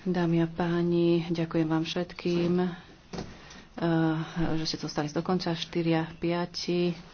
Dámy a páni, ďakujem vám všetkým, eh, že ste zostali dokonca 4 a 5.